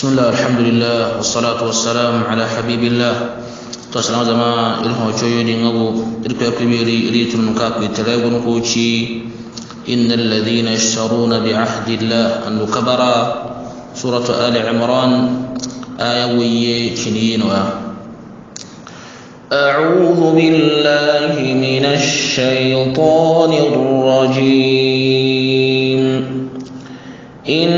بسم الله الحمد لله والصلاة والسلام على حبيب الله توسلام زما إلهو جويني نغو إلكو يكبيري إليت المكاك بتلاغ نقوشي إن الذين يشترون بعهد الله أن كبرا سورة آل عمران آية ويي شنين أعوذ بالله من الشيطان الرجيم إن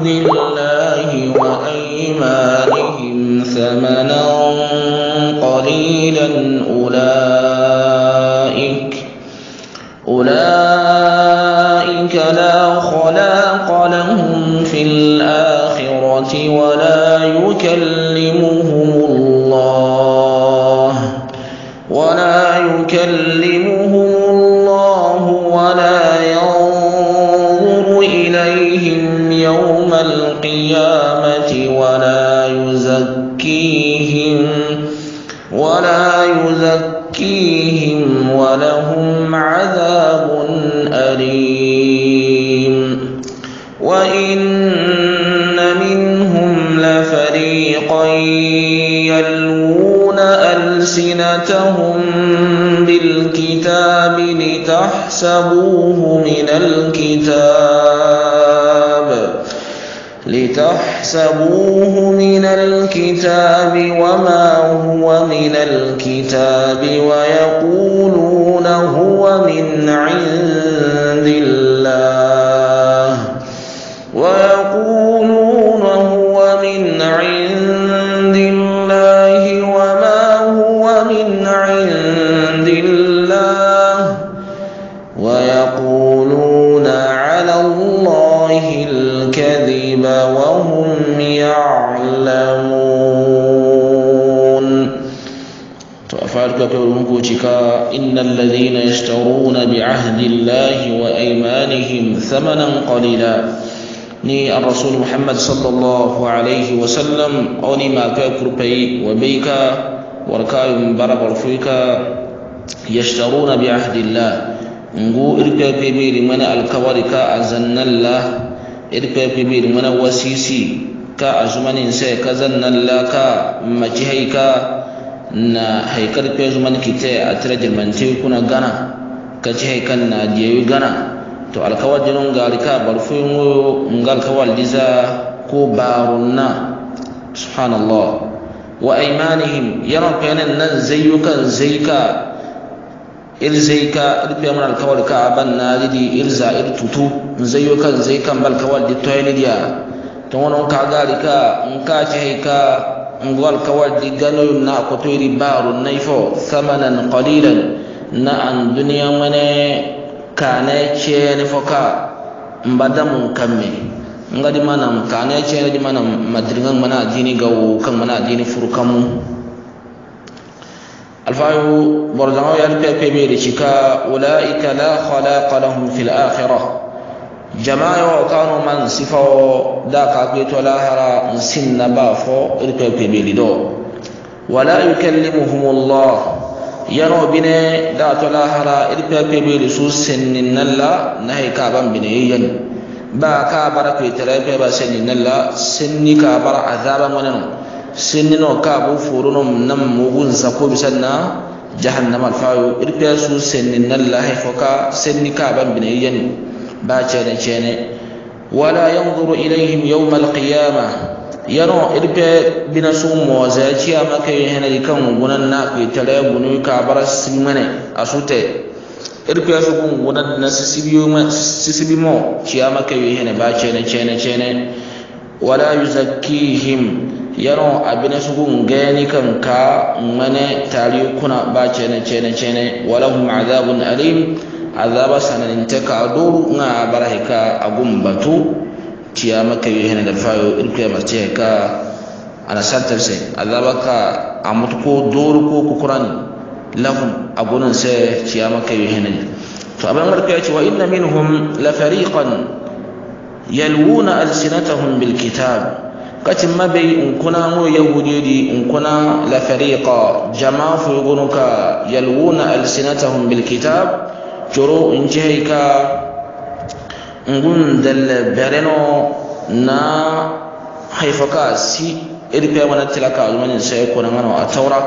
عهد الله وأيمانهم ثمنا قليلا أولئك أولئك لا خلاق لهم في الآخرة ولا يكلمهم الله ولا يكلمهم يزكيهم ولا يزكيهم ولهم عذاب أليم وإن منهم لفريقا يلوون ألسنتهم بالكتاب لتحسبوه من الكتاب لتحسبوه من الكتاب وما هو من الكتاب ويقولون هو من عند الله ويقولون كبرنكوشكا إن الذين يشترون بعهد الله وأيمانهم ثمنا قليلا ني الرسول محمد صلى الله عليه وسلم أولي ما كاكربي وبيكا وركاي مبارك ورفيكا يشترون بعهد الله نقو إركا كبير من الكواركا أزن الله إركا كبير من وسيسي كأزمن سيكا زن الله كمجهيكا na haikar kwe zuman ta a tira jirmante kuna gana ka ci haikan na jewi gana to alkawar jinin gari ka barfu yin woyo nga alkawar liza ko na subhanallah wa aimanihim yana kwayanin nan zai ka il zai ka rufe mana alkawar ka aban na didi il za il tutu zai yi kan zai kan balkawar da toyin ta wani ka gari ka in ka ci haika. ngol kawal digaloyo na kotoyri baaru nay fo samanan qalilan na an duniya mane kane ceene fo ka mbadamun kamme ngadi manam kane ceene di manam madringan mana dini gawo kan mana dini furkamu alfayu borjango yal pepe be de cika ulaika la khalaqa lahum jamayo kanu man sifawo da kakuyeto lahara nsinna ba fo irkoykoye ɓeli ɗo wala yukallimuhum llah yano bine da to lahara irkoykoye ɓeli su na nahay kaban bine yeyen ba ka bara kuyeteraykoye ba senninnalla senni ka bara azaba goneno no ka bo forunom nam mugun sakobi sanna jahannama alfayo irkoye su senninnalla hay fo ka senni kaban bine yeyen باچنه چنه ولا ينظر إليهم يوم القيامة ينو إربي بنسوم موزاتي أما كي هنا لكم غننا كي تلاي غنوي كعبر السلمنة أسوتي إربي أسوكم غننا سسبي مو تي أما كي هنا باچنه چنه چنه ولا يزكيهم ينو أبنسوكم غاني كم كا من تاليو كنا باچنه چنه چنه ولهم عذاب أليم azaba sanan intaka adoru nga barahika agumbatu tiyama kayo hena da fayo irkuya marce ka ana santar sai azaba ka amutu ko doru ko kukurani lahum agunan sai tiyama kayo hena to abin marka ya ce wa inna minhum la fariqan yalwuna alsinatahum bil kitab katin mabai in kuna mu yahudi in kuna la fariqa jama'a fugunuka yalwuna alsinatahum bil kitab coro njehayka ngun del bereno na hayfoka si eri pemana tilaka ɗumani sai kona ngano a taura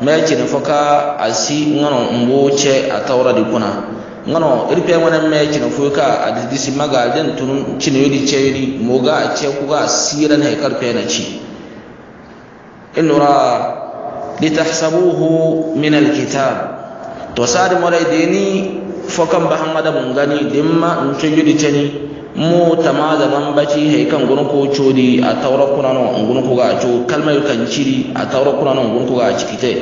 mecine foka a si ngano mboce a taura di kuna ngano eri pemana mecine foka a didisi maga den tunun cine yodi ceyri moga a ce kuga a siran haykar pena ci inura e litahsabuhu min alkitab to sari moray deni fokan ba hamada gani dimma nco yudi ni, mu ta tamada baci he kan gunu ko codi a tawra kunano gunu ko ga co kalmay kan ciri a taura kunano gunu ko ga cikite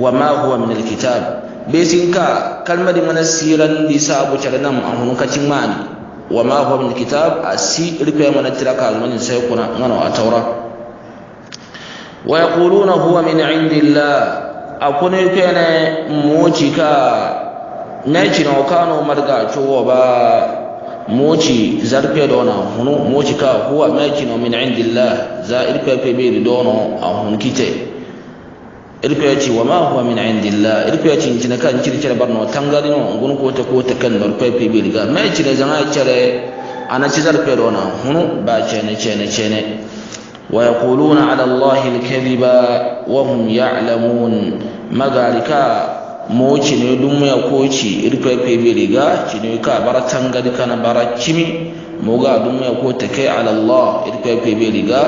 wa ma huwa min alkitab besin ka kalmadi mana siran di sabu a an cin ma ni wa ma huwa min alkitab asi rufe mana tiraka almanin sai kuna ngano a tawra wa yaquluna huwa min indillah akone kene mu cika na kano marga cuwo ba moci zarpe dona hunu moci ka huwa na min indillah za irpepe ɓeeri dono a hun kite wa wama huwa min indillah irpeci ncine ka nciri cere barno tangarino ngun kote kote kan nor pepe ɓeeri ga naycine zanga ana ci zarfe dona hunu ba cene cene cene ويقولون على الله الكذب وهم يعلمون مغاركا mo cinoyi dumoya koci irkoyepebe riga cinoyi ka bara tangadi kana bara cimi moga dumoya ko teke alallah irkoyepebe riga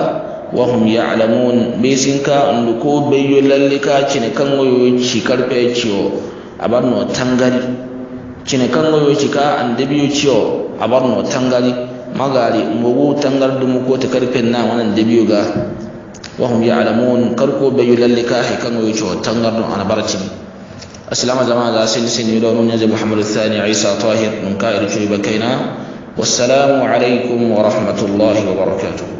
wahum yalamun besinka ndu ko beyo lalle ka cine kangoyoci karpe cio abarno tangadi cine kangoyoci ka andebiyo cio abarno tangadi magari mogu tangar dumo ko te karpe nawanan debiyo ga wahum yalamun karko beyo lalle ka he kangoyoco tangardu ana bara cimi أسلام زمان ذا سن سن محمد الثاني عيسى طاهر من كائر بكينا والسلام عليكم ورحمة الله وبركاته